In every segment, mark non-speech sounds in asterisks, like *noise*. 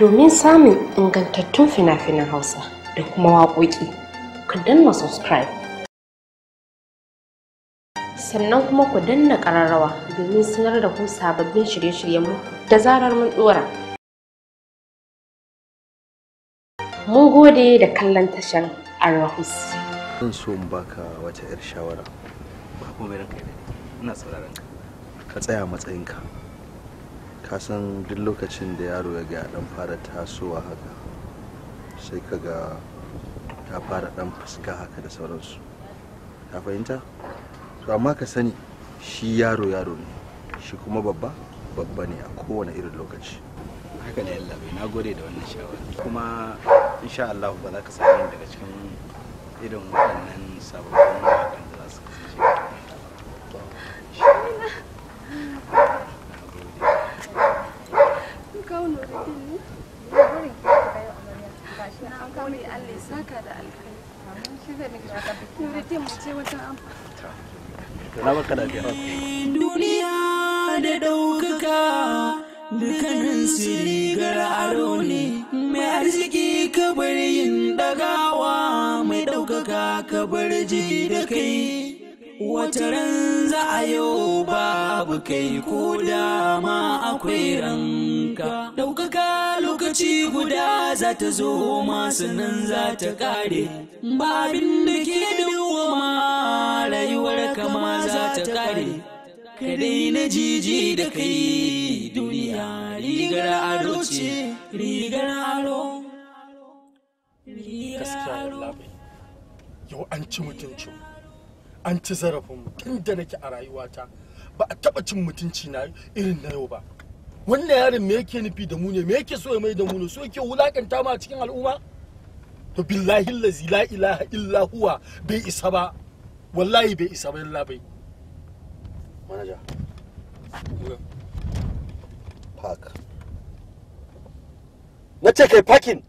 domin samun ingantattun fina-finan Hausa da kuma waƙoƙi, ku danna subscribe. Sannan kuma ku danna ƙararrawa domin sanar da ku sababbin shirye-shiryenmu da zarar mun ɗora. Mun gode da kallon tashar Arahus. Zan so in baka wata 'yar shawara. Ba mai ranka ina Ka tsaya matsayinka. kasan duk lokacin da yaro ya ga dan fara tasowa haka sai ka ga ta fara dan fuska haka da sauransu ka fahimta to amma ka sani shi yaro yaro ne shi kuma babba babba ne a kowane irin lokaci haka ne yalla bai nagode da wannan shawara kuma insha Allah ba za ka sami daga cikin irin waɗannan sababbin alkawari Allah ya saka da alkai shi zai duniya da ɗaukaka dukkanin rigar aro ne mai arziki kabar yin ɗagawa mai ɗaukaka kabar ji da kai Wata ran za a yau babu kai ko dama akwai ranka. Ɗaukaka lokaci guda za ta zo masu nan za ta kare. Ba abin da ke ma rayuwar kama za ta kare. Ka daina jiji da kai duniya rigar aro ce, rigar aro. aro yau an ci mutuncin. an ci zarafinmu tun da nake a rayuwata ba a taba cin mutunci na irin na yau ba wannan yaron me yake nufi da mu ne me yake so ya mai da mu ne so yake wulakanta ma cikin al'umma to billahi lazi la ilaha illa huwa bai isa ba wallahi bai isa ba illa bai manaja park na ce kai parking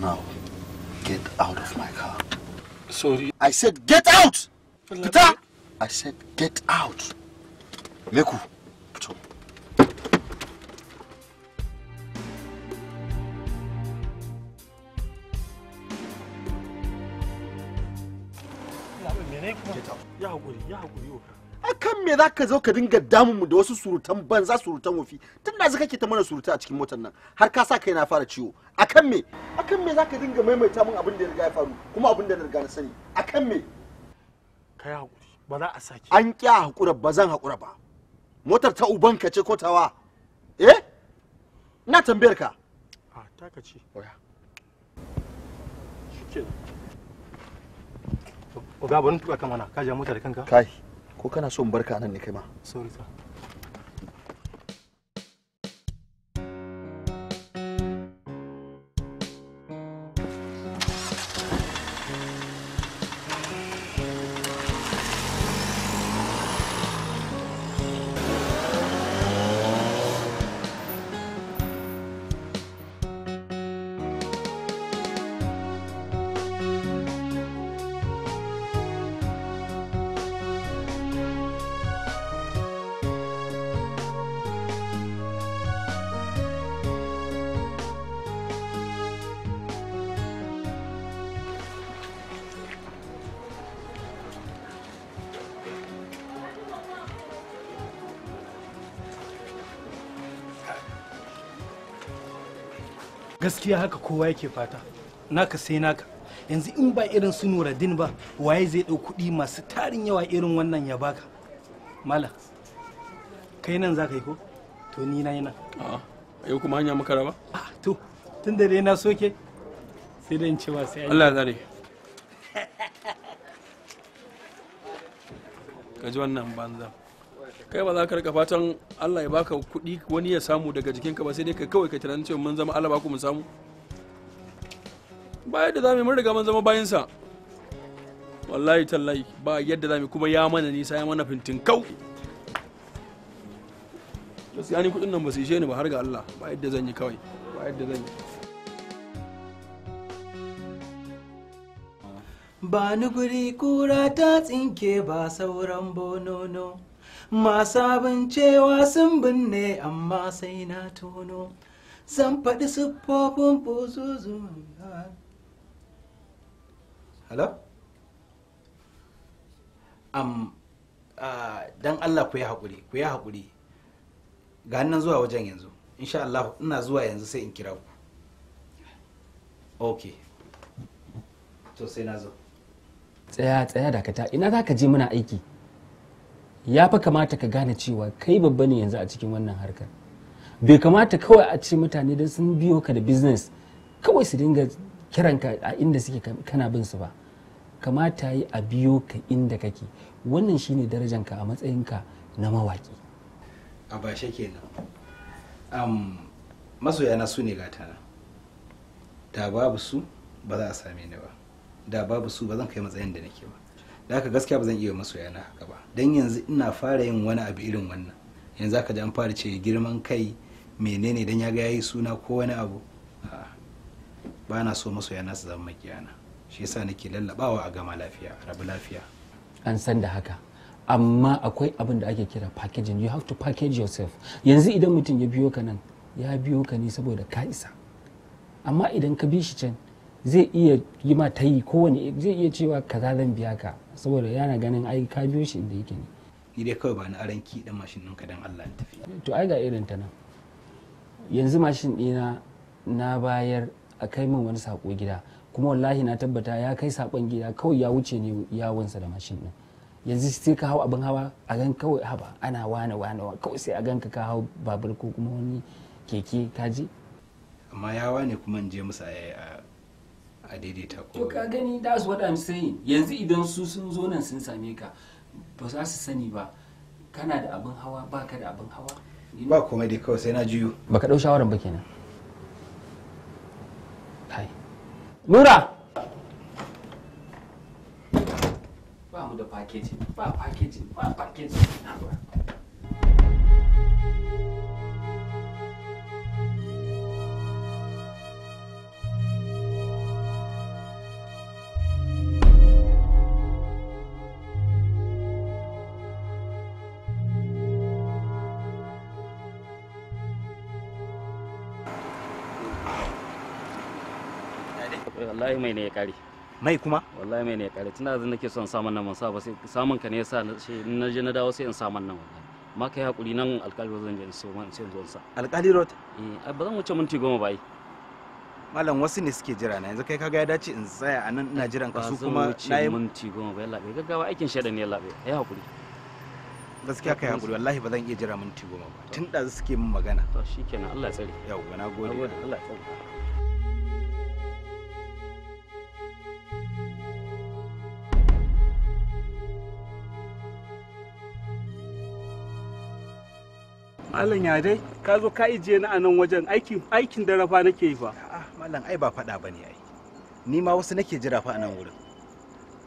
now get out of my car Sorry. I said, get out! Peter! I said, get out. Meku. Get out. akan me za ka zo ka dinga damun mu da wasu surutan banza surutan wofi tun da kake ta mana suruta a cikin motar nan har ka sa kai na fara ciwo akan me akan me za ka dinga maimaita min abin da ya riga ya faru kuma abin da na riga na sani akan me kai hakuri ba za a saki an kya hakura ba zan hakura ba motar ta ka ce ko tawa eh na tambayar ka a ka ce oya shikenan ga ban tuka kamana ka ja motar kanka kai ko kana so in barka nan ne kai ma sorry sir gaskiya haka kowa yake fata naka sai naka yanzu in ba irin su nuradin ba waye zai ɗau kuɗi masu tarin yawa irin wannan ya baka mala kai nan za yi ko to ni na yi nan a yau kuma hanya muka raba ah, to tun da dai na soke sai da in cewa sai Allah zare ka ji wannan banza kai ba za ka rika fatan Allah ya baka kuɗi wani ya samu daga jikinka ba sai dai kai kawai ka tunanin cewa mun zama Allah ba ku mu samu ba yadda za mun riga mun zama bayinsa wallahi tallahi ba yadda za kuma ya mana nisa ya mana fintin kau gaskiya ni kuɗin nan ba su ishe ni ba har ga Allah ba yadda zan yi kawai ba yadda zan yi ba ni guri kura ta tsinke ba sauran bonono masu bincewa sun binne amma sai na tono zan faɗi siffofin buzuzu hello um, uh, don allah ku yi haƙuri ku yi haƙuri ga nan zuwa wajen yanzu insha Allah ina zuwa yanzu sai in kira ku ok to sai na zo tsaya tsaya dakata ina za ka je muna aiki ya fa kamata ka gane cewa kai babba ne yanzu a cikin wannan harkar bai kamata kawai a ce mutane don sun biyo ka da business kawai su dinga kiran ka a inda suke kana bin su ba kamata yi a biyo ka inda kake wannan shine darajanka a matsayinka na mawaki a bashe kenan um, masoyana su ne gatana da babu su ba za a same ni ba da babu su ba zan kai matsayin da nake ba da haka gaskiya ba zan iya masu yana haka ba dan yanzu ina fara yin wani abu irin wannan yanzu aka ji an fara ce girman kai menene don ya ga yayi suna ko wani abu ba na so masoya na su zama makiyana shi yasa nake lallabawa a gama lafiya rabu lafiya an san da haka amma akwai abin da ake kira packaging you have to package yourself yanzu idan mutum ya biyo ka nan ya biyo ka ne saboda ka isa amma idan ka bi shi can zai iya yi ma ta yi kowane zai iya cewa kaza zan biya ka saboda yana ganin ai ka biyo shi inda yake ne ni dai kawai ba ni aran ki dan mashin ɗinka dan Allah tafi to ai ga irin ta nan yanzu mashin ɗina na bayar a kai min wani sako gida kuma wallahi na tabbata ya kai sakon gida kawai ya wuce ne yawonsa da mashin ɗin yanzu sai ka hau abin hawa a gan kawai haba ana wane wane kawai sai a gan ka hau babur ko kuma wani keke kaji amma yawa ne kuma in je musu a a daidaita ko ka gani that's what i'm saying yanzu idan su sun zo nan sun same ka ba za su sani ba kana da abin hawa ba ka da abin hawa ba komai dai kawai sai na juyo baka dau shawaran ba kenan hai nura ba mu da packaging ba packaging ba packaging wallahi mai ne ya kare mai kuma wallahi mai ne ya kare tunda yanzu nake son samun nan ban sa ba sai samun ka ne yasa na je na dawo sai in samun nan wallahi ma kai hakuri nan alkali road zan je in so man sai zo sa alkali road eh ba zan wuce minti goma ba yi malam wasu ne suke jira na yanzu kai kaga ya dace in tsaya a nan ina jiran ka su kuma na yi minti goma ba yalla gaggawa aikin shaida ne yalla ai hakuri gaskiya kai hakuri wallahi ba zan iya jira minti goma ba tun da suke min magana to shikenan Allah ya tsare yau na gode Allah ya tsare Malam ya dai ka zo ka ije ni a nan wajen aikin aikin dare fa nake yi fa. A'a malam ai ba faɗa bane ai. Ni ma wasu nake jira fa a nan wurin.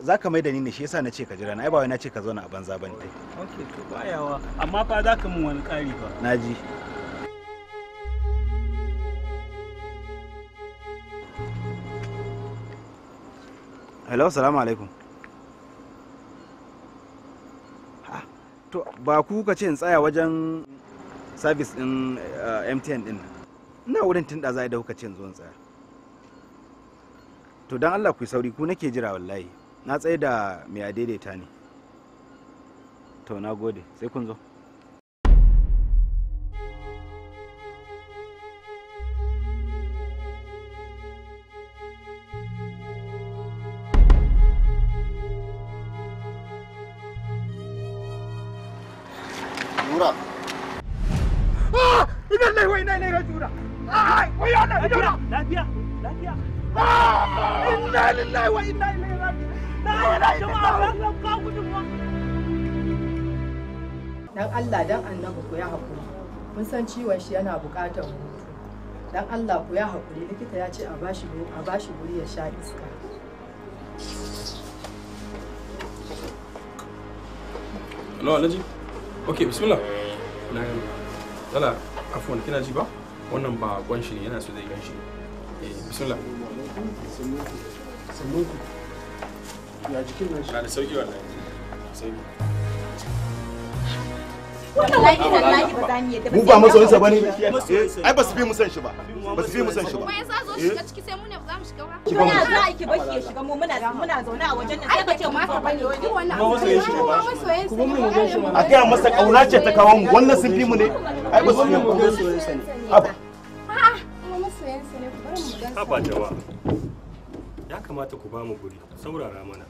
Za ka mai da ni ne shi yasa na ce ka jira na ai ba wai na ce ka zauna a banza bane. Okay to bayawa amma fa za ka mun wani ƙari fa. Naji. Hello, salamu alaikum. to ba ku ka ce in tsaya wajen service din eh, mtn din ina wurin tun da za da dauka cin zuwan tsaya to don allah ku sauri ku nake jira wallahi na tsaye da mai adaidaita ne to na gode sai kun zo Allah dan annabi ku ya haƙuri mun san ciwon shi yana buƙatar hutu dan Allah ku ya haƙuri likita ya ce a bashi a bashi guri ya sha iska Hello Alhaji Okay bismillah na gani tala afwan kina ji ba wannan ba gwan shi ne yana so zai gan shi eh bismillah sannan ku ya jikin shi da sauki wallahi sauki mu ba masoyinsa ba ne eh, ai ba su fi mu san shi ba ba su fi mu san shi ba kuma yasa zo shiga ciki sai mu ne za mu shiga ba kuma ya za a ki bashi ya shiga mu muna muna zaune a wajen nan sai ka ce ma ka bane duk wannan ba masoyin shi kuma mu zo shi a ga masa kauna ce ta kawo mu wannan sun fi mu ne ai ba su fi mu masoyinsa ne haba a'a kuma masoyinsa ne ku bar mu gansa haba jawa ya kamata ku ba mu guri saurara mana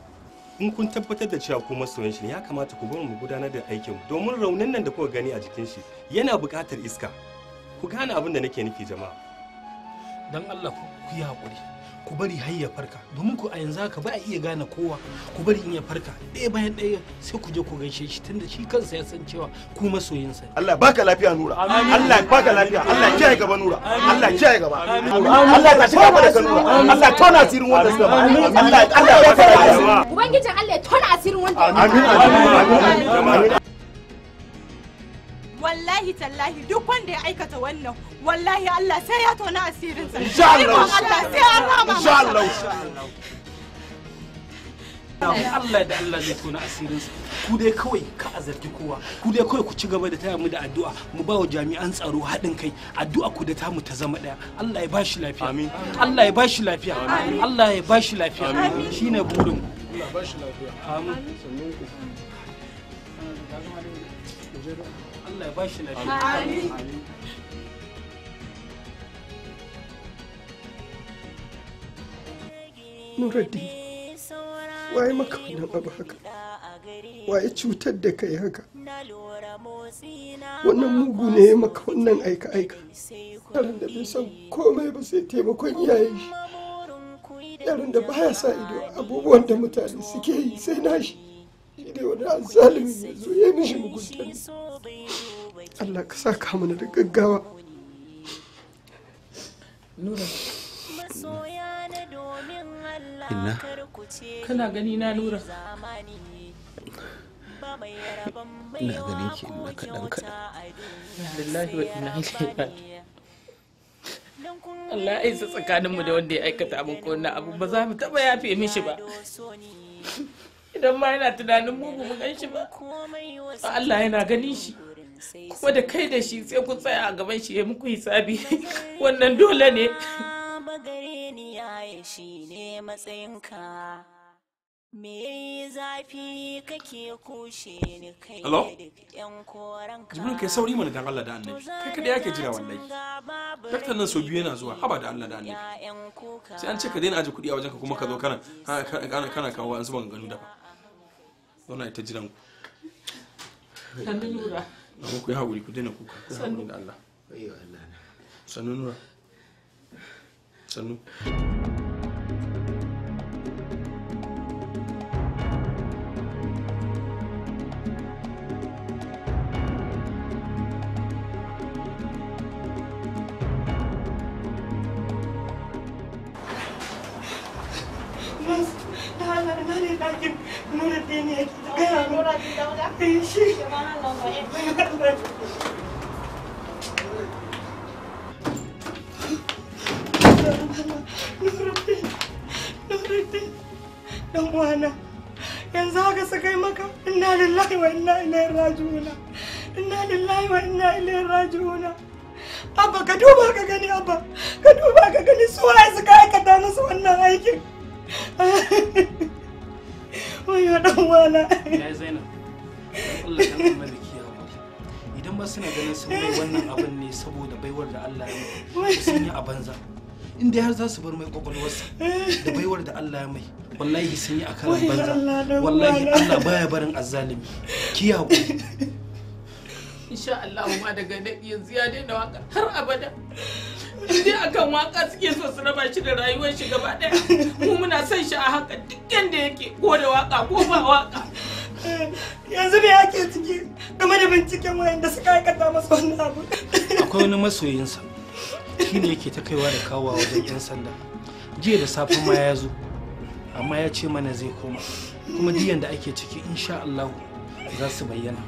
in kun tabbatar da cewa ku masoyan shi ne ya kamata ku bar mu gudanar da aikin mu domin raunin nan da kuka gani a jikin shi yana buƙatar iska ku gane abin da nake nufi jama'a dan Allah ku yi hakuri ku bari har ya farka domin ku a yanzu haka ba a iya gane kowa ku bari in ya farka ɗaya bayan ɗaya sai ku je ku gaishe shi tunda shi kansa ya san cewa ku sa Allah baka lafiya nura Allah baka lafiya Allah kiyaye gaba nura Allah kiyaye gaba Allah ka shiga gaba da ka nura Allah tona asirin wanda suka ba Allah Allah ya fara ubangijin Allah ya tona asirin wanda amin amin amin wallahi tallahi duk wanda ya aikata wannan wallahi Allah sai ya tona asirinsa insha Allah Allah sai an rama insha Allah Allah da Allah zai tona asirinsa ku dai kawai ka azargi kowa ku dai kawai ku ci gaba da taya mu da addu'a mu ba wa jami'an tsaro haɗin kai addu'a ku da ta mu ta zama ɗaya Allah ya ba shi lafiya amin Allah ya ba shi lafiya amin Allah ya ba shi lafiya amin shine burin Allah ba shi lafiya amin sannan ku Allah ya bashi waye maka wannan abu haka? Waye cutar da kai haka? Wannan mugu ne ya maka wannan aika-aika. Yaron da bai san komai ba sai taimakon iyayen shi. Yaron da baya sa ido abubuwan da mutane suke yi sai nashi. shi dai wani ya zo ya mishi mugunta Allah ka sa ka mana da gaggawa Nura Inna kana gani na Nura ina ganin ke ina kaɗan kaɗan lillahi wa inna Allah ya isa tsakaninmu da wanda ya aikata abin ko abu ba za mu taɓa yafe mishi ba idan ma yana tunanin mugu mu gan shi ba Allah yana ganin shi kuma da kai da shi sai ku tsaya a gaban shi ya muku hisabi *laughs* wannan dole ne bagare ni yaye kai sauri mana dan Allah da annabi kai kada yake jira wallahi daktar nan so biyu yana zuwa haba da Allah da annabi sai an ce ka daina aje kuɗi a wajenka kuma ka zo kana kana kawo an zuba ganu dafa zauna ita jiran ku sannu nura ku yi haƙuri ku daina kuka ku haƙuri da Allah sannu nura sannu dan yanzu haka su kai maka inna lillahi wa inna ilaihi raji'una inna lillahi wa inna abba ka duba ka gani abba ka duba ka gani su waye aikata musu wannan aikin *laughs* Oyo wala. Ya Idan ba ganin sun wannan abin ne saboda baiwar yi a banza. bar mai kwakwalwarsa da baiwar da Allah yi a karan banza wallahi Allah barin azzalimi Insha yanzu ya daina waka har abada. dai akan waka suke so su raba shi da rayuwar shi gaba ɗaya mu muna son shi a haka duk yanda yake ko da waka ko ba waka yanzu me ake ciki game da binciken wayanda suka aikata masa wannan abu akwai wani masoyinsa shi ne yake ta kaiwa da kawowa wajen yan sanda jiya da safe ma ya zo amma ya ce mana zai koma kuma jiyan da ake ciki insha Allah za su bayyana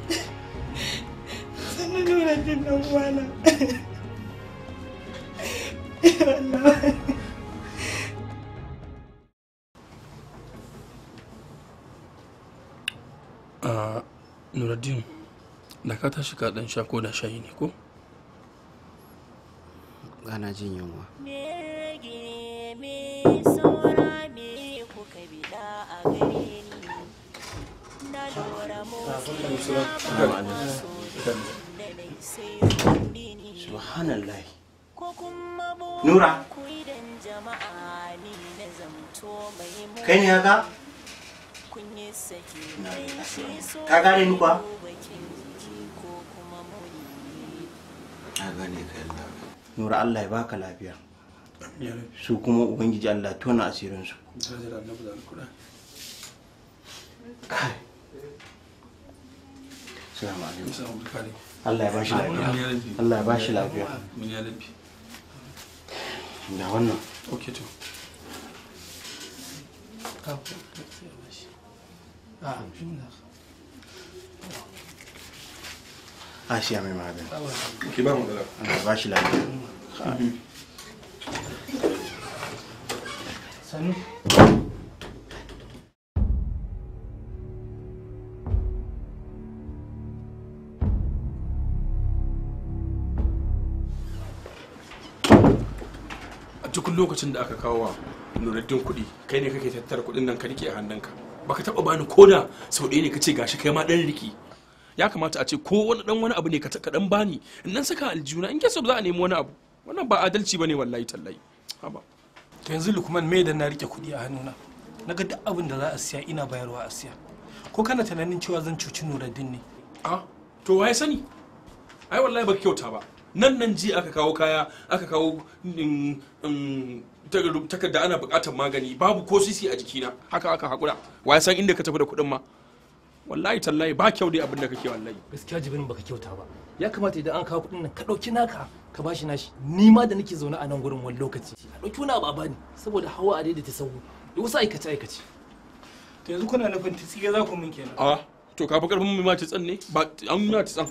sannan nuna jin dan uwana a *laughs* ah, nuruddin da ka tashi ka dan sha ko da shayi ne ko gana jin yunwa subhanallah nura kai ne haka ka gane ni kuwa nura allah ya baka lafiya su kuma ubangiji allah tona asirinsu kai salamu alaikum Allah ya bashi lafiya Allah ya bashi lafiya da wannan ok to a shi mai magani ki ba mu da ba shi lafiya sanu duk lokacin da aka kawo nunaddin kuɗi kai ne kake tattara kuɗin nan ka rike a hannunka baka taɓa bani koda sau ɗaya ne ka ce gashi kai ma ɗan riki ya kamata a ce ko wani ɗan wani abu ne ka ɗan bani in nan saka aljuna in kesa za a nemi wani abu wannan ba adalci bane wallahi tallahi haba to yanzu lukman me da na rike kuɗi a hannuna na ga duk abin da za a siya ina bayarwa a siya ko kana tunanin cewa zan cuci nunaddin ne a ah, to waye sani ai wallahi baka kyauta ba nan nan ji aka kawo kaya aka kawo mm, mm, takarda ana bukatar magani babu ko sisi a jikina haka aka hakura wa san inda ka tafi da kuɗin ma wallahi tallahi ba kyau dai abinda da kake wallahi gaskiya ba baka kyauta ba ya kamata idan an kawo kuɗin nan ka ɗauki naka ka bashi nashi ni ma da nake zaune a nan gurin wani lokaci a ɗauki wani abu a bani saboda hawa a daidaita sahu da wasu aikace aikace to yanzu kuna nufin tsiya za ku min kenan a to ka fi karfin mu ma tsan ne ba an nuna tsan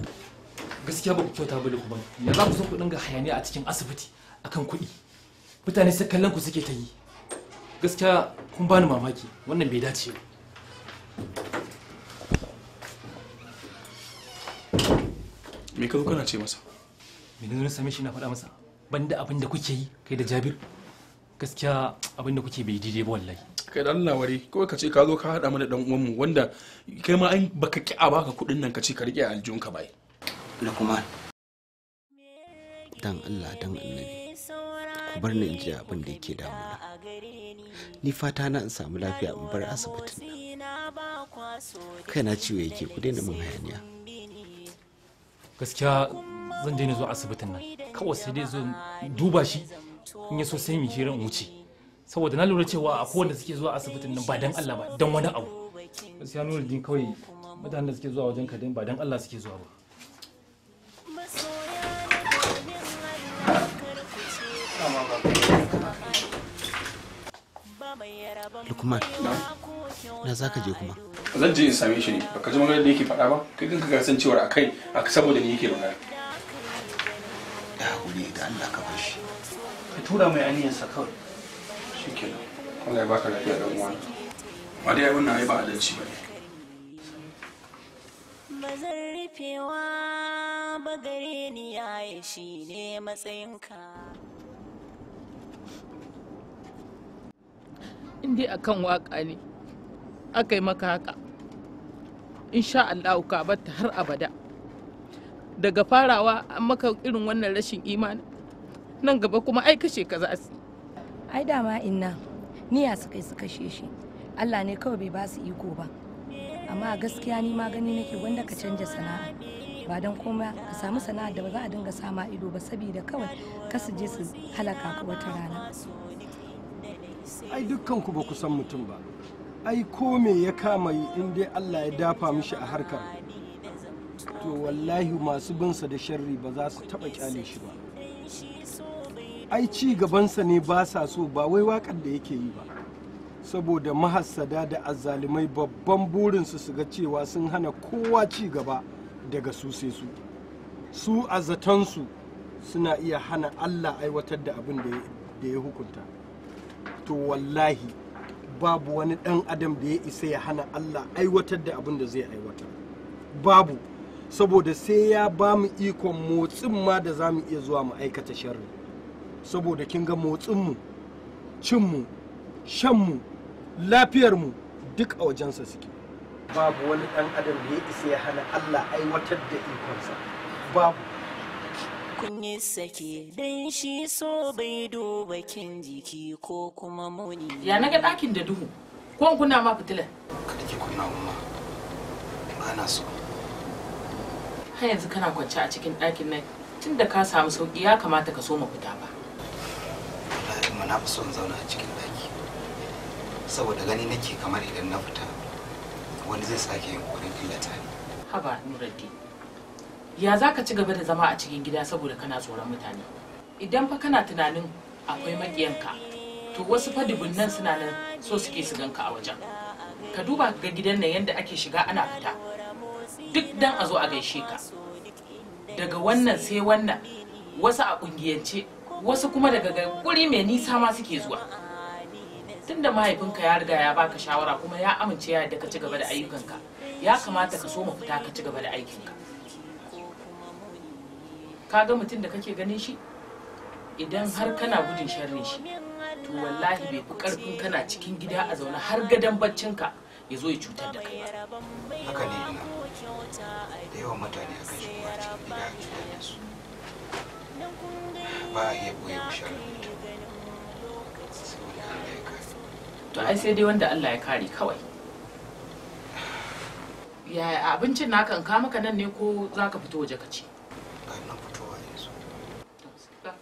gaskiya ba ku kyauta ba kuma ya za ku so ku dinga hayaniya a cikin asibiti akan kuɗi mutane sai kallon ku suke ta yi gaskiya kun bani mamaki wannan bai dace ba me ka kana ce masa me ne same shi na faɗa masa banda abin da kuke yi kai da Jabir gaskiya abin da kuke bai daidai ba wallahi kai da Allah ware kawai ka ce ka zo ka haɗa mana dan uwanmu wanda kai ma an baka ki'a baka kuɗin nan ka ce ka rike aljunka bai kuma. Dan Allah dan annabi. Ku bar ni ji abin da yake damuna. Ni fata na in samu lafiya in bar asibitin Kai na ciwo yake ku daina min hayaniya. Gaskiya zan daina zuwa asibitin nan. Kawai sai dai zo duba shi in ya so sai mu shirin wuce. Saboda na lura cewa akwai wanda suke zuwa asibitin nan ba dan Allah ba dan wani abu. Gaskiya nuna din kawai mutanen da suke zuwa wajen ka ba dan Allah suke zuwa ba. Lukman, na za ka je kuma? Zan je in same shi ne, baka ji maganar da yake faɗa ba, kai kanka ka san cewar akai a saboda ni yake magana. ya hudu da Allah ka bar shi. Ka tura mai sa kawai. Shikenan. Allah ya baka lafiya da uwa. ma dai wannan ai ba adalci ba ne. Bazan rufewa ba gare ni yaye shi ne matsayinka. in dai akan waka ne aka yi maka haka insha Allah ka batta har abada daga farawa an maka irin wannan rashin imani nan gaba kuma ai kashe ka za su ai dama inna niya su kai su kashe shi Allah ne kawai bai ba su iko ba amma gaskiya ni ma gani nake wanda ka canja sana'a ba don koma ka samu sana'ar da ba za a dinga sama ido ba saboda kawai ka su je su halaka ka wata rana ai dukkanku ba ku san mutum ba ai ko me ya kama yi in dai allah ya dafa mishi a harkar to wallahi masu binsa da sharri ba za su taba kyale shi ba ai ci gabansa ne ba sa so ba wai wakar da yake yi ba saboda mahassada da azzalumai babban burinsu su ga cewa sun hana kowa ci gaba daga su sai su su a zatansu suna iya hana allah aiwatar da abin da ya hukunta to wallahi babu wani ɗan adam da ya isa ya hana Allah aiwatar da abin da zai aiwata. babu saboda sai ya ba mu ikon motsin ma da za mu iya zuwa mu aikata sharri saboda kin ga motsinmu cinmu shanmu lafiyarmu duk a wajensa suke babu wani ɗan adam da ya isa ya hana Allah aiwatar da ikonsa babu kunyarsa ke dan shi so bai duba kin jiki ko kuma muni. Ya naga ɗakin da duhu, ko kuna ma fitila. ka ki kunna umma, ba na so. Har yanzu kana kwance a cikin ɗakin nan tun da ka samu sauƙi ya kamata ka so mu fita ba. Wallahi umma na fi son zauna a cikin ɗaki. Saboda gani nake kamar idan na fita wani zai sake yin ƙoƙarin killata ni. Haba Nuruddin. ya za ka ci gaba da zama a cikin gida saboda kana tsoron mutane idan fa kana tunanin akwai maƙiyanka to wasu fa dubunnan suna nan so suke su ganka a wajen ka duba ga gidan nan yadda ake shiga ana fita duk dan a zo a gaishe ka daga wannan sai wannan wasu a ƙungiyance wasu kuma daga guri mai nisa ma suke zuwa tunda mahaifinka ya riga ya baka shawara kuma ya amince ya da ka ci gaba da ayyukanka ya kamata ka so fita ka ci gaba da aikinka Ka ga mutum da kake ganin shi idan har kana gudun sharrin shi to wallahi bai fi karfin kana cikin gida a zaune har gadon baccinka ya zo ya cutar da kai ba. haka ne ina da yawan mutane a kashe kuma cikin gida a cutar da su ba a iya boye sharrin mutum saboda Allah ya kare to ai sai dai wanda Allah ya kare kawai yaya abincin naka in ka maka nan ne ko zaka fito waje ka ci ka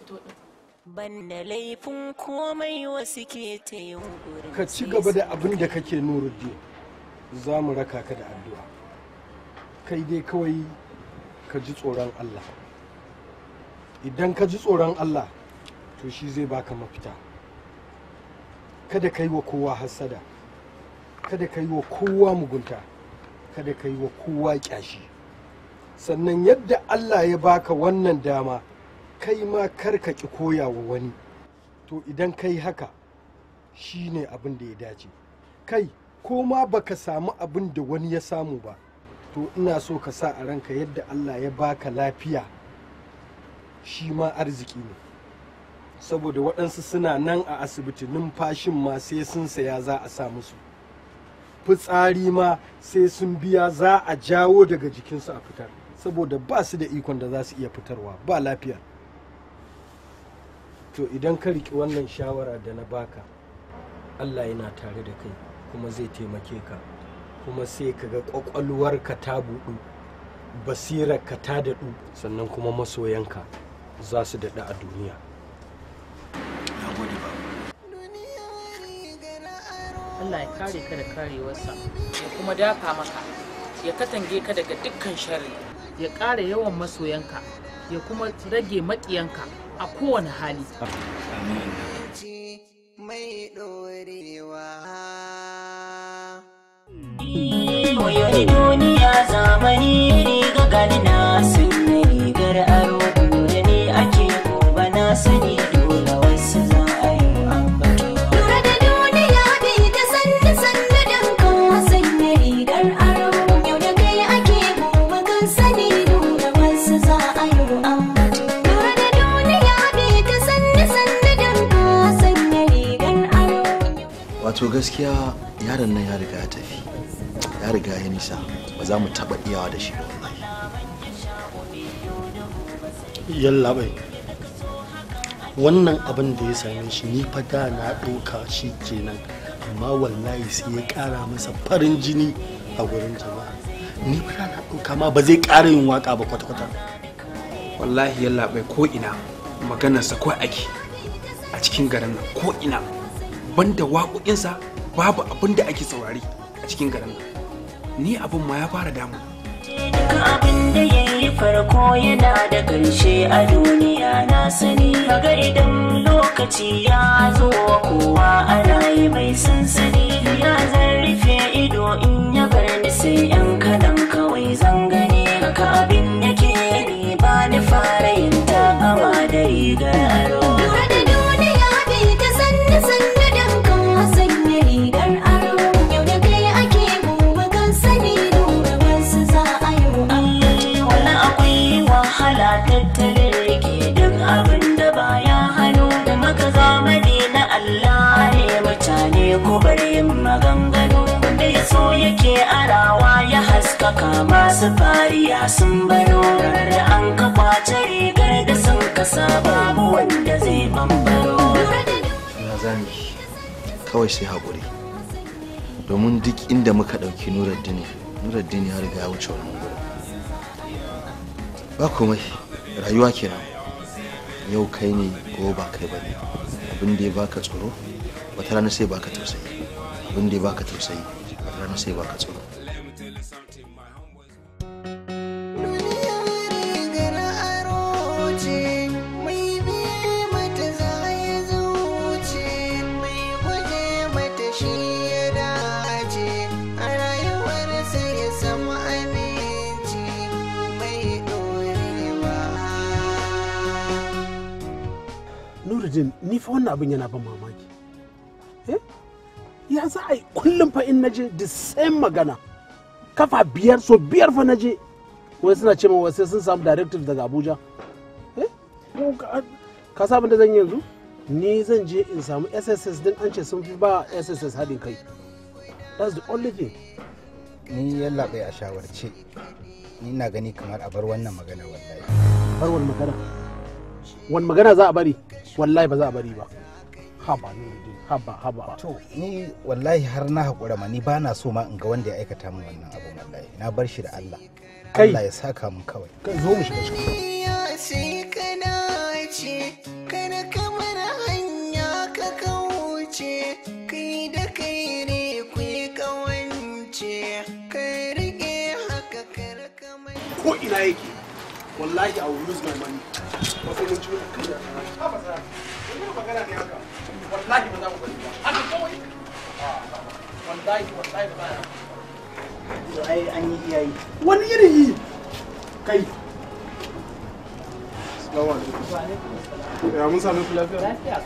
laifin komai wasu ke ka ci gaba da abin da kake nuruddin za mu raka ka da addu'a kai dai kawai ka ji tsoron allah idan ka ji tsoron allah to shi zai baka mafita kada ka yi wa kowa hassada kada ka yi wa kowa mugunta kada ka yi wa kowa kyashi sannan yadda allah ya baka wannan dama kai ma karka ki koya wa wani to idan kai haka shine abin da ya dace kai ko ma baka samu abin da wani ya samu ba to ina so ka sa a ranka yadda Allah ya baka lafiya shi ma arziki ne saboda waɗansu suna nan a asibiti numfashin ma sai sun saya za a sa musu fitsari ma sai sun biya za a jawo daga jikinsu a fitar saboda ba su da ikon da za su iya fitarwa ba lafiya to idan ka riƙi wannan shawara da na baka allah yana tare da kai kuma zai taimake ka kuma sai ka ga ƙwaƙwalwarka ta buɗu basirarka ta daɗu sannan kuma masoyanka za su daɗa a duniya Allah ya kare ka da karewarsa ya kuma dafa maka ya katange ka daga dukkan shari'a ya ƙara yawan masoyanka ya kuma rage maƙiyanka a kowane hali mai ni duniya zamani riga gani nasu to gaskiya yaron nan ya riga ya tafi ya riga ya nisa ba za mu taɓa iyawa da shi wallahi yalla bai wannan abin da ya same shi ni fa da na ɗauka shi kenan amma wallahi sai ya ƙara masa farin jini a gurin jama'a ni fa da na ɗauka ma ba zai ƙara yin waka ba kwata-kwata wallahi yalla bai ko ina maganarsa ko ake a cikin garin nan ko ina banda waƙoƙinsa babu abin da ake saurari a cikin garin nan ni abin ma ya fara damu duk abin da ya yi farko yana da ƙarshe a duniya na sani ga idan lokaci ya zo kowa ana yi mai sansani ya zan rufe ido in ya bar ni sai yan kadan kawai zan masu fariya sun baro da an ka kwace rigar da sun kasa babu wanda zai bambaro na zami kawai sai haƙuri domin duk inda muka ɗauki nuraddini nuraddini ya riga ya wuce wannan gurin ba komai rayuwa kenan yau kai ne ko ba kai ba ne abin da ya baka tsoro wata rana sai baka tausayi abin da ya baka tausayi wata rana sai baka tsoro jin ni fa wannan abin yana ban mamaki eh? ya za a yi kullum fa in na je the same magana kafa biyar so biyar fa na je wai suna ce min sai sun samu directive daga abuja eh? ka sa da zan yanzu ni zan je in samu sss din an ce sun fi ba sss haɗin kai that's the only thing ni yalla bai a shawarce ni na gani kamar a bar wannan magana wallahi bar wannan magana wani magana za a bari wallahi ba za a bari ba haba nuruddin haba haba to ni wallahi har na haƙura ma ni ba na so ma in ga wanda ya aikata min wannan abu wallahi na bar shi da Allah Allah ya saka mun kawai kai zo mu shiga cikin ko ina yake wallahi i will lose my money wallahi a yi wani irin kai Ya mun sami ku lafiya? Lafiya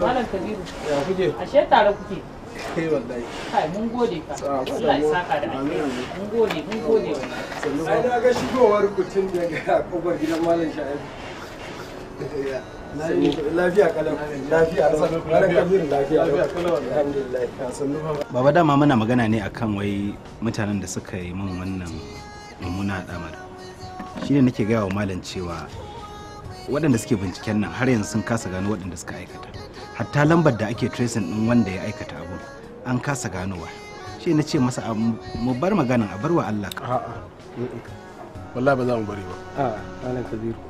Malam Kabiru. Ya kuke? Ashe tare kuke. Kai eh, wallahi. Kai mun gode ka. Allah ya saka da Mun gode, mun gode. Sai ga shigowar kutun daga gidan Malam Sha'ibu. lafiya kalau lafiya baba dama muna magana ne akan wai mutanen da suka yi min wannan mummuna al'amari shi ne nake gaya wa malam cewa waɗanda suke binciken nan har yanzu sun kasa gano waɗanda suka aikata hatta lambar da ake tracing ɗin wanda ya aikata abun an kasa ganowa shi na ce masa mu bar maganan a bar wa Allah ka a'a wallahi ba za mu bari ba a'a malam kabiru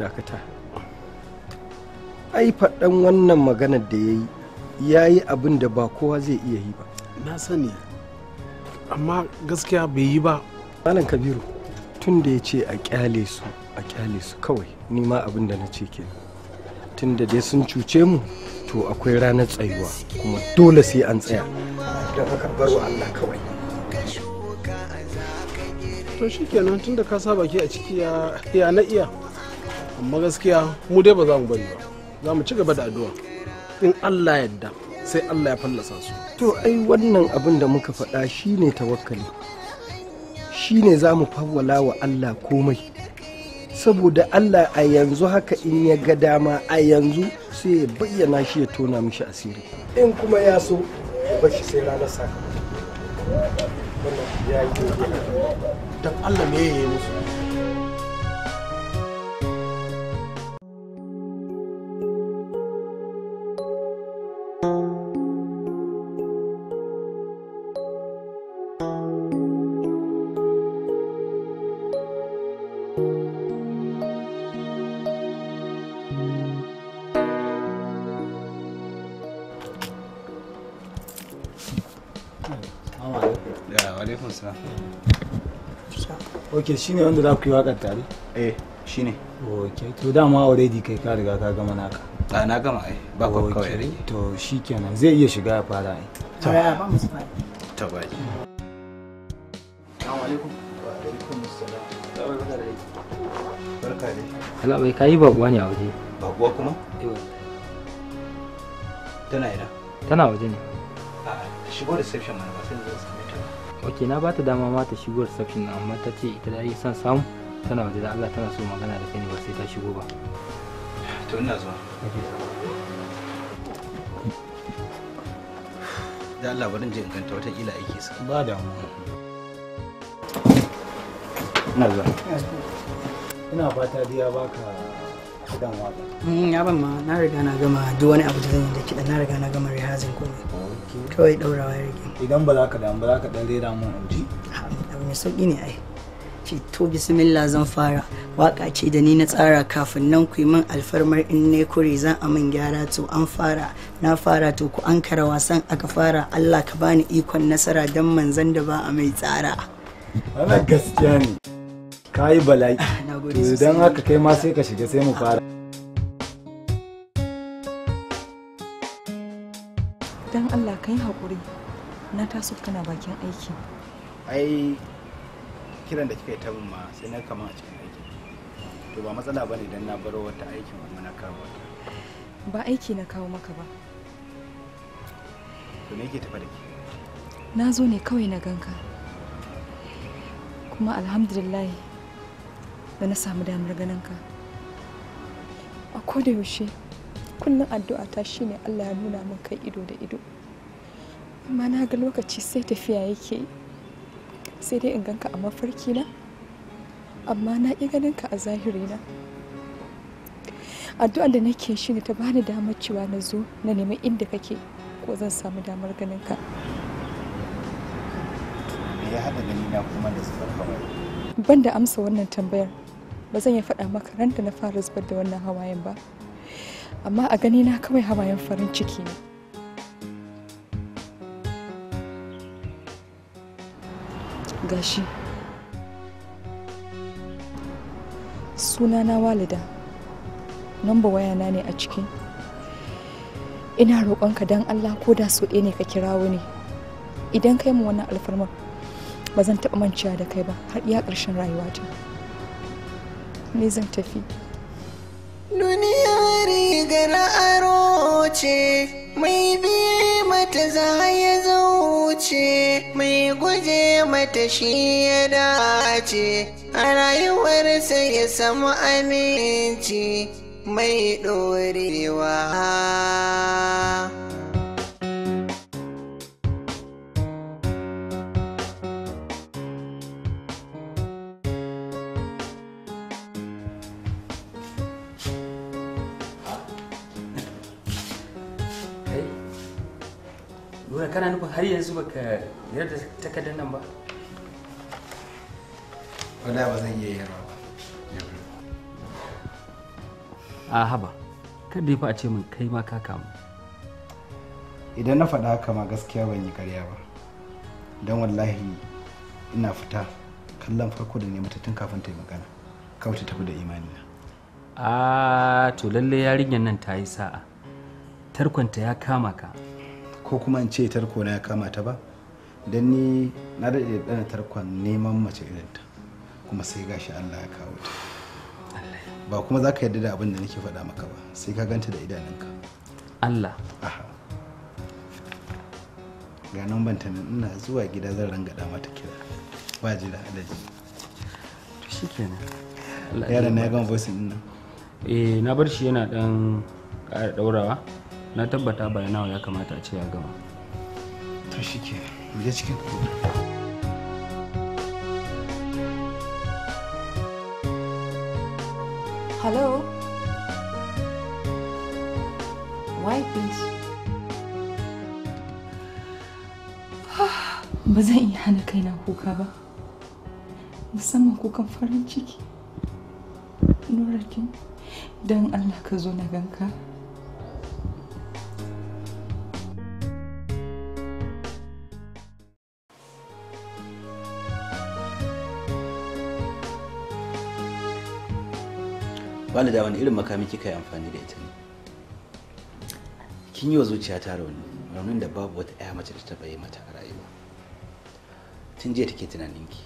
dakata ai faɗan wannan maganar da ya yi ya yi abin da ba kowa zai iya yi ba na sani amma gaskiya bai yi ba malam kabiru tun da ya ce a kyale su a kyale su kawai ni ma abin da na ce ke tun da dai sun cuce mu to akwai ranar tsayuwa kuma dole sai an tsaya ka haka baro allah kawai to nan tun da ka sa baki a ciki ya na iya amma gaskiya mu dai ba za mu bari ba za mu ci gaba da addu'a in allah yadda sai allah ya fallasa su to ai wannan abin da muka faɗa shine tawakkali shine za mu fawwala wa allah komai saboda allah a yanzu haka in ya ga dama a yanzu sai ya bayyana shi ya tona mishi asiri in kuma ya so ya shi sai ranar sa wannan don allah me ya yi musu sa ok shine wanda za ku yi waƙar tare eh ne ok to dama already kai ka riga ka gama naka a na gama ai ba ku kawai to shi kenan zai iya shiga ya fara ai ta ba mu fara ta ba ji assalamu alaikum wa alaikum assalam barka da barka da Allah bai kai babuwa ne a waje babuwa kuma eh tana ina tana waje ne a shigo reception mana ok na ba ta dama ma ta shigo reception amma ta ce ita dai san samu tana waje da Allah tana so magana da kai ba sai ta shigo ba to ina zuwa da Allah barin je ganta wata kila sa ba da mu ina zuwa ina fata dai ya baka kiɗan waka mm, abin ma na riga na gama duk wani abu da zan yi da kiɗan na riga na gama rihazin komai kawai ɗaurawa ya rage idan ba za ka damu ba za ka ɗan rera mun in ji abu mai sauƙi ne ai ce to bismillah zan fara waƙa ce da ni na tsara kafin nan ku yi min alfarmar in ne kure zan amin gyara to an fara na fara to ku an kara wasan aka fara Allah ka bani ikon nasara dan manzan da ba a mai tsara wannan gaskiya ne kayi bala'i ah, don haka kai ma sai ka shiga sai mu fara don allah kai haƙuri na taso kana bakin aiki ai kiran da kika yi tabin ma sai na kama a cikin aiki to ba matsala ba ne don na baro wata aikin kuma na kawo wata ba aiki na kawo maka ba to me yake tafa da ke na zo ne kawai na ganka kuma alhamdulillah da na samu damar ganin ka a koda yaushe kullum addu'a ta shine Allah ya nuna min kai ido da ido amma na ga lokaci sai tafiya yake sai dai in ganka a mafarki na amma na ƙi ganin ka a zahiri na addu'a da nake shi ta bani damar cewa na zo na nemi inda kake ko zan samu damar ganin ka ban da amsa wannan tambayar ba zan yi faɗa maka ran na fara zubar da wannan hawayen ba amma a gani na kawai hawayen farin ciki ne gashi sunana walida namba wayana ne a ciki ina roƙonka don allah ko da so ɗaya ne ka kira wani idan ka yi mu wannan alfarmar ba zan taɓa mancewa da kai ba har iya ƙarshen rayuwata ne zan tafi duniya rigar aro ce mai biye mata za ya zauce mai guje mata shi ya dace a rayuwarsa ya samu aminci mai ɗorewa kana nufin har yanzu baka yarda takardar nan ba wallahi ba zan iya yarda ba a haba kada fa a ce min kai ma ka kamu idan na faɗa haka ma gaskiya ban yi karya ba don wallahi ina fita kallon farko da nema tun kafin ta yi magana kawai ta tafi da imani na a to lalle yarinyar nan ta yi sa'a tarkonta ya kama ka ko kuma in ce tarko na ya kamata ba don ni na daɗe ɗana tarkon neman mace ta kuma sai gashi Allah ya kawo ta ba kuma za ka yarda da abin da nake faɗa maka ba sai ka ganta da idanunka Allah aha ga nan banta ina zuwa gida zan ranga da mata kira ba da alaji to shikenan yaron na ya ga voice din nan eh na bar shi yana dan ƙara daurawa na tabbata ba nawa ya kamata a ce ya gama to shike mu je cikin hello why please *sighs* ba zan iya hana kaina kuka ba musamman kukan farin ciki nurakin don allah ka zo na ganka da wani irin makami kika yi amfani da ita ne kin yi wa zuciya ta rauni raunin da babu wata ɗaya mace da ta bayi mata a rayuwa tun jiya take tunaninki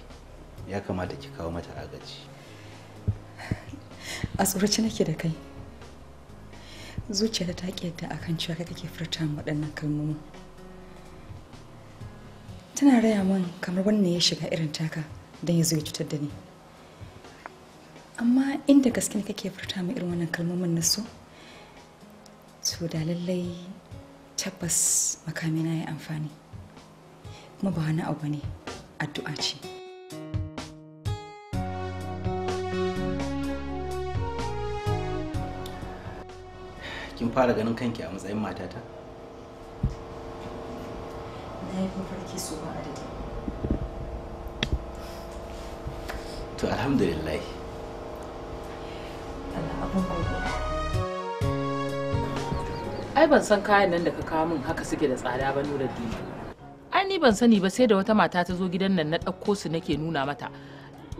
ya kamata ki kawo mata agaji a tsoraci nake da kai zuciyata ta yadda akan cewa kai kake furta waɗannan kalmomi. tana raya min kamar wannan ya shiga irin taka don ya zo ya cutar da ni amma inda gaske kake furta mu irin wannan kalmomin na so to da lallai tabbas makami na ya amfani kuma ba wani abu ne addu'a ce kin fara ganin kanki a matsayin matata na yi farki so ba adadi to alhamdulillah abin Ai ban san kayan nan da ka kawo min haka suke da tsada ba nura Ai ni ban sani ba sai da wata mata ta zo gidan nan na ɗauko su nake nuna mata.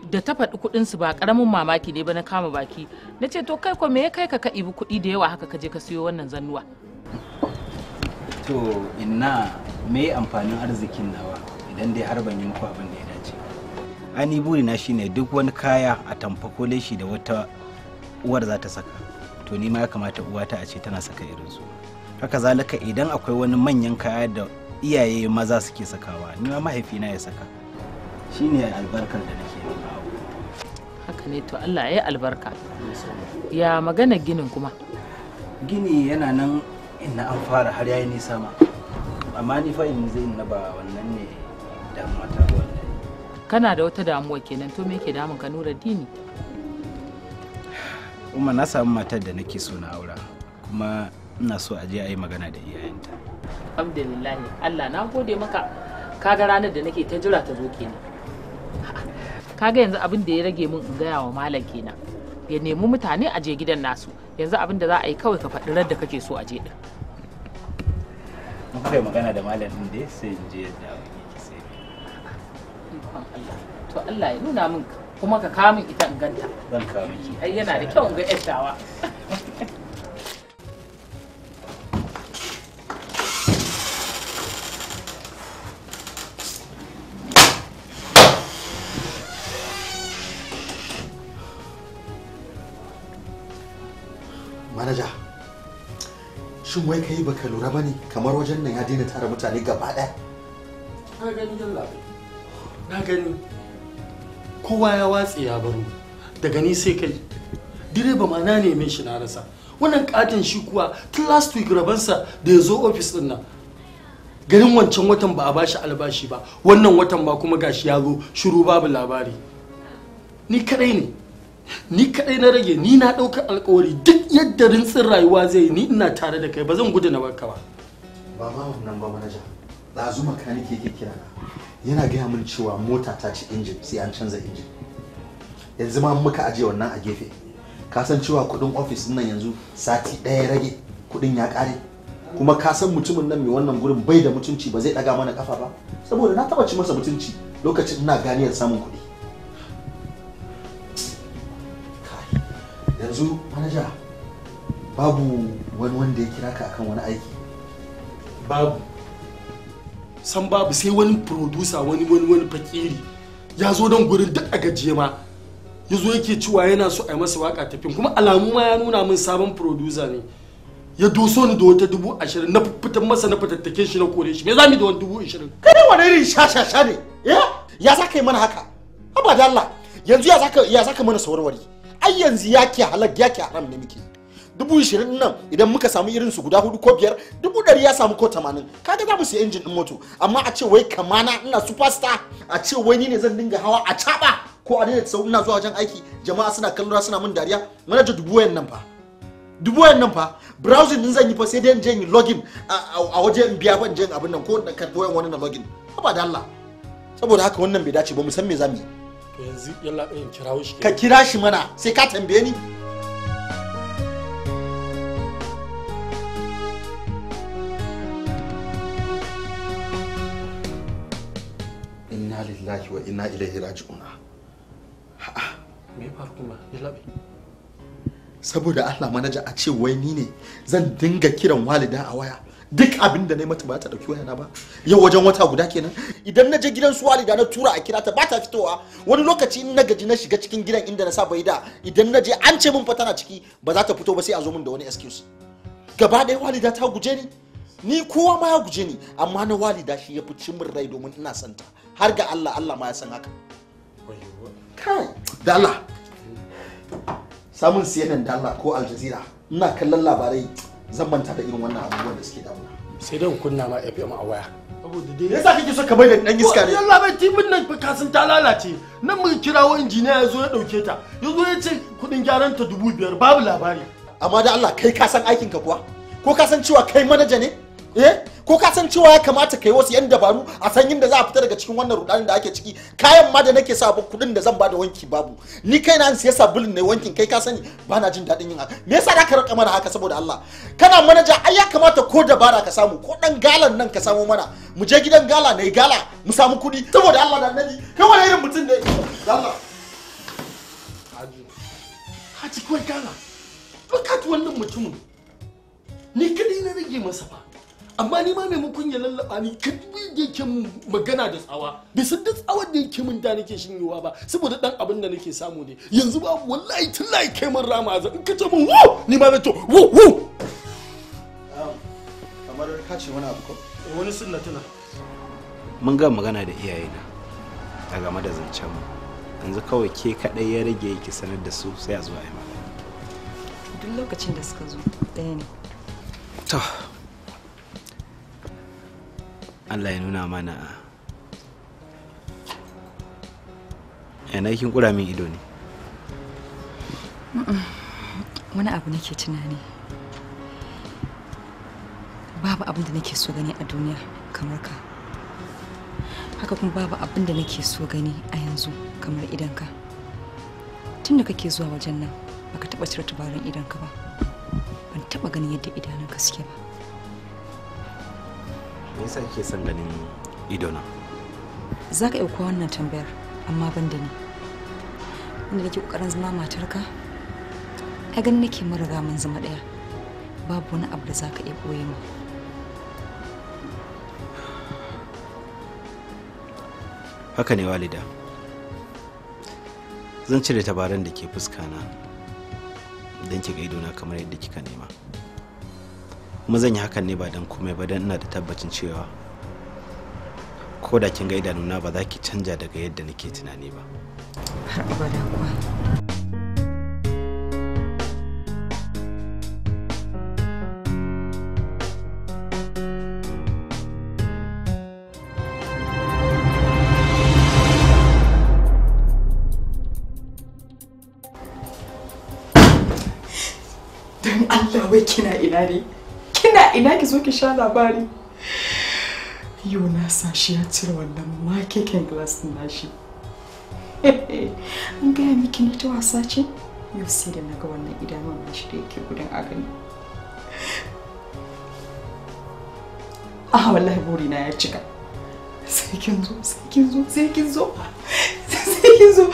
Da ta faɗi kuɗin su ba ƙaramin mamaki ne ba na kama baki. Na ce to kai ko me ya kai ka ka ibi kuɗi da yawa haka ka je ka siyo wannan zannuwa. To inna me amfanin arzikin nawa idan dai har ban yi muku abin da ya dace. ni burina shine duk wani kaya a tamfa ko da wata uwar za ta saka to ni ma ya kamata uwata a ce tana saka irin su haka zalika idan akwai wani manyan kaya da iyaye maza suke sakawa ni ma mahaifina ya saka shine albarkar da nake haka ne to Allah ya yi albarka ya magana ginin kuma gini yana nan ina an fara har yayi nisa ma amma ni fa in zai na ba wannan ne damuwa ta kana da wata damuwa kenan to me yake damun ka nura dini kuma na samu matar da nake so na aura kuma ina so a je a yi magana da iyayenta alhamdulillah Allah na gode maka kaga ranar da nake ta jira ta zo kenan kaga yanzu abin da ya rage min in gaya wa malam kenan ya nemi mutane a je gidan nasu yanzu abin da za a yi kawai ka faɗi rar da kake so a je din muka yi magana da malam din dai sai in je yadda abin yake sai to Allah ya nuna min kuma ka kawo min ita in ganta zan kawo ai yana da kyau in ga yattawa manaja shin wai kai baka lura bane kamar wajen nan ya daina tara mutane gaba daya na gani na gani kowa ya watse ya baro daga ni sai kai direba ma na neme shi na rasa wannan katin shi kuwa tun last week rabansa da ya zo ofis din nan garin wancan watan ba a bashi albashi ba wannan watan ba kuma gashi ya zo shiru babu labari ni kadai ne ni kadai na rage ni na ɗaukar alkawari duk yadda rintsin rayuwa zai yi ni ina tare da kai ba zan gudu na barka ba ba ma wannan ba manaja ɗazu makaniki yake kira yana gaya min cewa mota ta ci injin sai an canza injin yanzu ma muka ajiye wannan a gefe ka san cewa kudin ofis nan yanzu sati ɗaya rage kudin ya ƙare kuma ka san mutumin nan mai wannan gurin bai da mutunci ba zai ɗaga mana kafa ba saboda na taɓa ci masa mutunci lokacin ina ganiyar samun kuɗi yanzu manaja babu wani wanda ya kira ka akan wani aiki babu san babu sai wani producer wani wani wani fakiri ya zo don gurin duk a gajiye ma ya zo yake cewa yana so a yi masa waka tafin kuma alamu ma ya nuna min sabon producer ne ya doso ni da wata dubu ashirin na fitan masa na fitattake shi na kore shi me za mu da wani dubu ashirin kada wani irin shashasha ne eh? ya za ka yi mana haka haba da Allah yanzu ya za ka mana sawarwari ai yanzu ya ke halak ya ke haram ne muke dubu ishirin nan idan muka samu irin su guda hudu ko biyar dubu ɗari ya samu ko tamanin kaga za mu siya injin din moto amma a ce wai kamana ina superstar a ce wai ni ne zan dinga hawa a caba ko a daina sau ina zuwa wajen aiki jama'a suna kallon suna min dariya manaja dubu wayan nan fa dubu wayan nan fa browsing din zan yi fa sai dai in je in login a waje in biya ban je in abin nan ko in karɓi wayan wani na login ba da Allah saboda haka wannan bai dace ba mu san me za mu yi to yanzu yalla in eh, kira shi ka kira shi mana sai ka tambaye ni lillahi wa inna ilaihi raji'un me ya faru kuma ya labe saboda Allah manaja a ce wai ni ne zan dinga kiran walida a waya duk abin da na yi mata ba ta dauki wayana ba yau wajen wata guda kenan idan na je gidan su walida na tura a kira ta ba ta fitowa wani lokaci in na gaji na shiga cikin gidan inda na sa bai da idan na je an ce min fa tana ciki ba za ta fito ba sai a zo min da wani excuse gaba ɗaya walida ta guje ni ni kowa ma ya guje ni amma na walida shi ya fi cin min rai domin ina santa har ga Allah Allah ma ya san haka kai da Allah samun CNN da Allah ko Al Jazeera ina kallon labarai zan manta da irin wannan abubuwan da suke damuna sai dai kunna ma FM a waya saboda dai yasa kake so ka bai da dan iska ne yalla bai timin nan ka sun ta lalace nan mun kirawo injiniya ya zo ya dauke ta ya zo ya ce kudin gyaran ta dubu biyar babu labari amma da Allah kai ka san aikin ka kuwa ko ka san cewa kai manaja ne eh ko ka san cewa ya kamata kai wasu yan dabaru a san da za a fita daga cikin wannan rudanin da ake ciki kayan ma da nake sa ba kudin da zan ba da wanki babu ni kai na siya sabulin ne wankin kai ka sani ba na jin daɗin yin haka me yasa ka rika mana haka saboda Allah kana manaja ai ya kamata ko dabara ka samu ko dan galan nan ka samu mana mu je gidan gala ne gala mu samu kuɗi saboda Allah da annabi kai wani irin mutum ne Allah Haji Haji kawai gala ba ka wannan mutumin ni kadai na rage masa ba amma ni ma mai maimakon ya lallaba ni bi da yake magana da tsawa bai san da tsawar da yake min da nake shinyewa ba saboda dan abin da nake samu ne yanzu ba wallahi tallahi kai man rama za in ka ce min wo ni ma zato wo wo kamar ka ce wani abu ko wani sunna tuna mun ga magana da iyayena a game da zancen mu yanzu kawai ke kadai ya rage yake sanar da su sai a zuwa yi magana duk lokacin da suka zo ɗaya ne to allah ya nuna mana yana kura min ido ne wani abu nake tunani babu abin da nake so gani a duniya kamar ka haka kuma babu abin da nake so gani a yanzu kamar idanka tun da kake zuwa wajen nan baka taba cire tubarin idanka ba ban taba ganin yadda idanunka suke ba me yasa kike son ganin idona za ka ɗauka wannan tambayar amma ban da ni inda nake kokarin zama matarka ai ganin nake mun mun zama ɗaya babu wani abu da za ka iya koyi mu haka ne walida zan cire tabaran da ke fuskana don ki ga idona kamar yadda kika nema kuma zan yi hakan ne ba don komai ba don ina da tabbacin cewa ko da kin ga idanuna ba za ki canja daga yadda nake tunani ba har abada kuwa ki sha labari yau na sa shi ya cire wannan makeken glass din nashi an *laughs* gaya miki ne ta wasa ce yau sai da naga wannan idanun nashi da yake gudun a gani ah wallahi burina ya cika sai kin zo sai kin zo sai kin zo *laughs* sai kin zo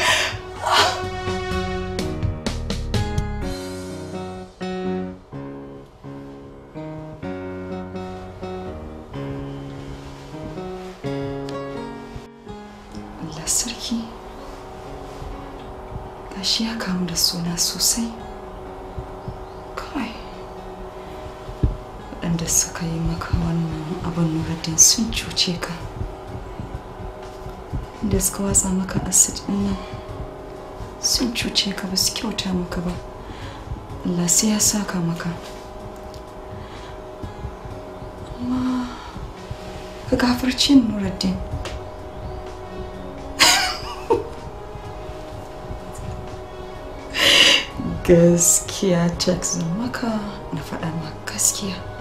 cuce ka da suka watsa maka asid din nan sun cuce ka ba su kyauta maka ba Allah sai ya saka maka amma ka gafarci Nuruddin *laughs* gaskiya tax maka na faɗa maka gaskiya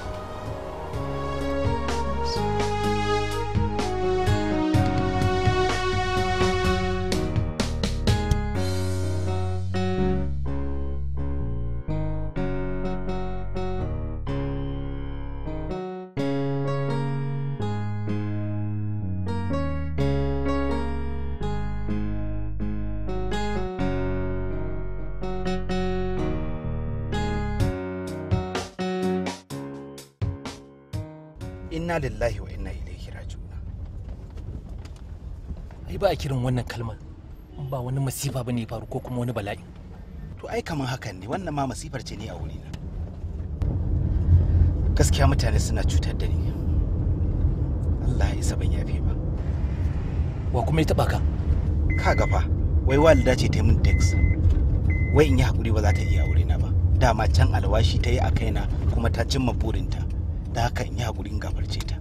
inna lillahi wa inna ilaihi raji'un ai ba a kiran wannan kalmar in ba wani masifa bane ya faru ko kuma wani bala'i to ai kaman hakan ne wannan ma masifar ce ne a wurina gaskiya mutane suna cutar da ni Allah ya isa ban yafe ba wa kuma ya taba ka ka gafa wai walida ce ta yi min text wai in yi hakuri ba za ta iya aure na ba dama can alwashi ta yi a kaina kuma ta cimma burinta da haka in yi hakuri in gafarce ta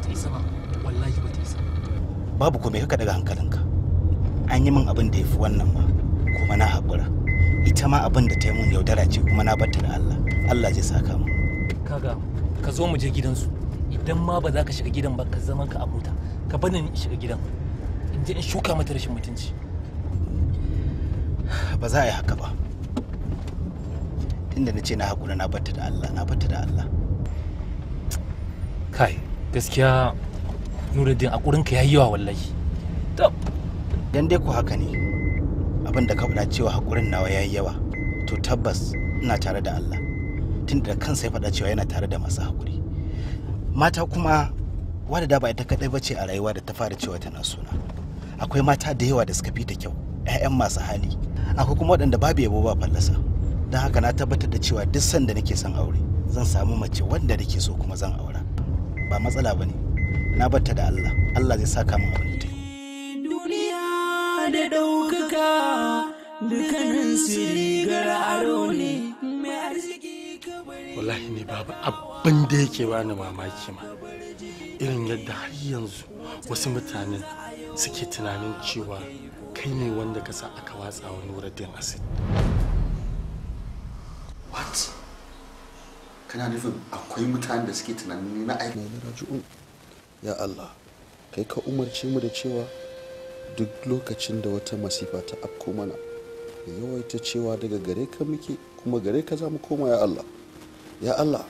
ta isa ba wallahi ta isa babu kuma kaka daga hankalinka an yi min abin da ya fi wannan ma kuma na haƙura ita ma abin da ta yi mun yaudara ce kuma na batta da Allah Allah zai saka mu kaga ka zo mu je gidansu idan ma ba za ka shiga gidan ba ka zama ka abuta. ka bani in shiga gidan in je in shuka mata rashin mutunci ba za a yi haka ba tunda na ce na haƙura na batta da Allah na batta da Allah kai gaskiya nuruddin a ƙurinka ya yi yawa wallahi to dan dai ku haka ne abin da ka faɗa cewa haƙurin nawa ya yi yawa to tabbas ina tare da Allah tun da kansa ya faɗa cewa yana tare da masu haƙuri mata kuma wadda da ba ita kaɗai ba ce a rayuwa da ta fara cewa tana suna akwai mata da yawa da suka fi ta kyau 'ya'yan masu hali akwai kuma waɗanda babu yabo ba fallasa don haka na tabbatar da cewa duk sanda nake son aure zan samu mace wanda nake so kuma zan aure ba matsala ba ne na batta da Allah Allah zai saka min abin da ta duniya da ɗaukaka dukkanin sirigar aro ne mai arziki wallahi ne babu abin da yake bani mamaki ma irin yadda har yanzu wasu mutane suke tunanin cewa kai ne wanda ka sa aka watsa wa nuruddin asiri kana nufin akwai mutanen da suke tunanin na aiki ya Allah kai ka umarce mu da cewa duk lokacin da wata masifa ta afko mana yawaita cewa daga gare ka muke kuma gare ka za mu koma ya Allah ya Allah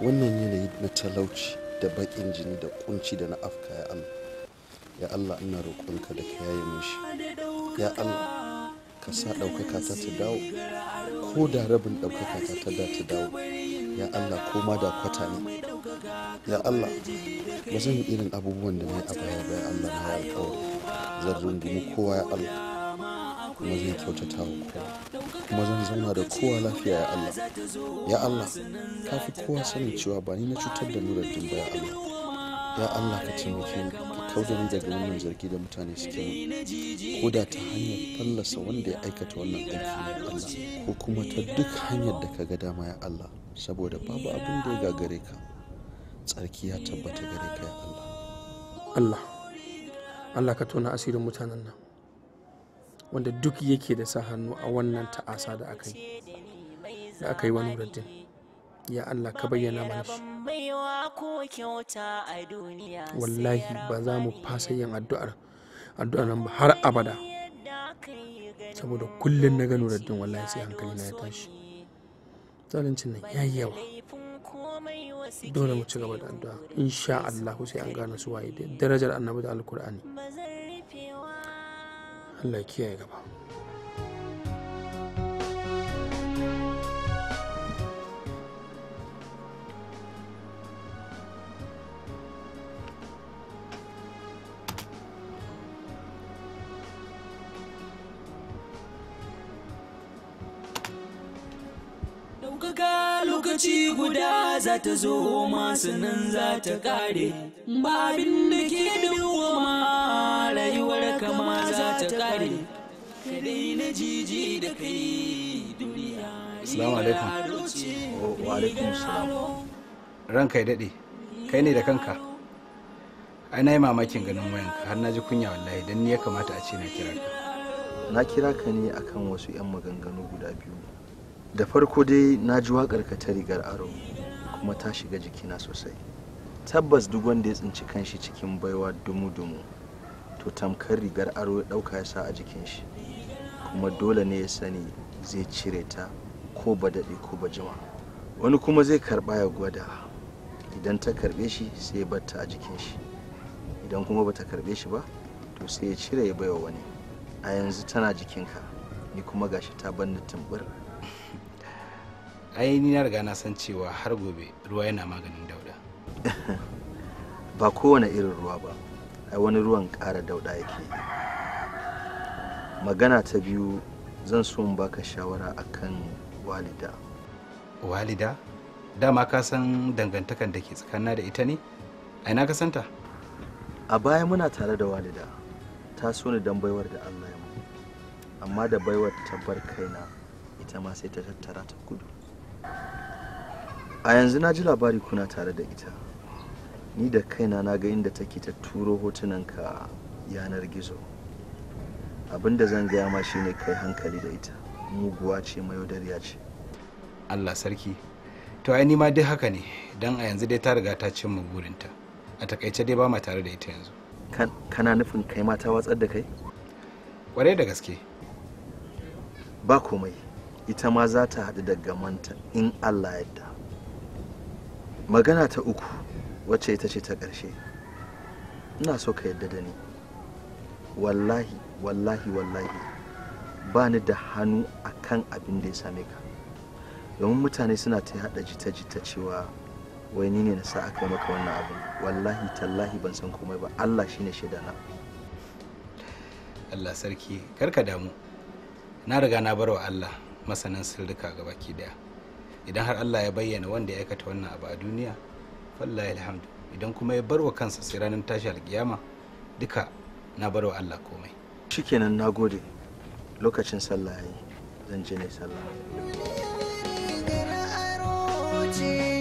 wannan yanayi na talauci da bakin jini da kunci da na afka ya Allah ya Allah ina roƙonka da ka yaye mishi ya Allah ka sa ɗaukaka ta ta dawo ko da rabin ɗaukaka ta ta dawo ya allah koma da kwata ne ya allah ba zan yi irin abubuwan da na yi a baya ba ya allah na yi alkawari zan rungumi kowa ya allah kuma zan kyautata wa kowa kuma zan zauna da kowa lafiya ya Allah ya Allah ka fi kowa sanin cewa ba ni na cutar da nurar ba ya Allah ya Allah ka taimake ni ka kauda ni daga wannan zargi da mutane suke yi ko da ta hanyar fallasa wanda ya aikata wannan aiki ya Allah ko kuma ta duk hanyar da ka ga dama ya Allah saboda babu abin da ya gagare ka tsarki ya tabbata gare ka Allah Allah Allah ka tona asirin mutanen nan wanda duk yake da sa hannu a wannan ta'asa da aka yi da aka yi wa Nuruddin ya Allah ka bayyana mana shi wallahi ba za mu fasa yin addu'ar addu'ar nan ba har abada saboda kullum na ga Nuruddin wallahi sai hankali na ya tashi zaluncin nan ya yi yawa dole mu ci gaba da addu'a insha allahu sai an gane su waye darajar annabi da alkur'ani Allah kiyaye gaba lokaci guda za ta zo masu nan za ta kare ba abin da ke duwa ma rayuwar kama za ta kare kadai na jiji da kai duniya oh, ranka ya daɗe kai ne da kanka ai na yi mamakin ganin wayanka har na ji kunya wallahi don ni ya kamata a ce na kira ka na kira ka ne akan wasu 'yan maganganu guda biyu da farko dai na ji wakar ka ta rigar aro kuma ta shiga jikina sosai tabbas duk wanda ya tsinci kanshi cikin baiwa dumu-dumu to tamkar rigar aro ya ɗauka ya sa a jikin shi kuma dole ne ya sani zai cire ta ko ba daɗe ko ba jima wani kuma zai karɓa ya gwada idan ta karɓe shi sai ya batta a jikin shi idan kuma ba ta karɓe shi ba to sai ya cire ya baiwa wani a yanzu tana jikinka ni kuma gashi ta banna tumbur ai ni na riga na san cewa har gobe ruwa yana maganin dauda *laughs* ba kowane irin ruwa ba ai wani ruwan ƙara dauda yake magana ta biyu zan so in baka shawara akan walida walida dama ka san dangantakan da ke tsakanina da ita ne ai na kasanta a baya muna tare da walida ta so ni dan baiwar da Allah ya mu amma da baiwar tabbar kaina ita ma sai ta tattara ta kudu a yanzu na ji labari kuna tare da ita ni da kaina na ga inda take ta turo hotunan hotunanka yanar gizo abinda zan gaya ma shine kai hankali da ita muguwa ce mayaudariya ce allah sarki to ai ma dai haka ne don a yanzu dai ta riga ta cin mu burinta a takaice dai ba ma tare da ita yanzu kana nufin kai ma ta watsar da kai kwarai da gaske ba komai ita ma za ta haɗu da gamanta in allah yadda magana ta uku wacce ita ce ta ƙarshe ina so ka yadda da ni wallahi wallahi wallahi ba ni da hannu a kan abin da ya same ka domin mutane suna ta haɗa jita-jita cewa wai ni ne na sa aka maka wannan abin wallahi tallahi ban san komai ba allah shine shaida na allah sarki karka damu na riga na bar allah masanin sirrika ga baki daya idan har allah ya bayyana wanda ya aikata wannan abu a duniya fallahi alhamdu idan kuma ya barwa kansa sai ranar tashi alkiyama duka na barwa allah komai shikenan na gode lokacin sallah yayi zan je ne sallah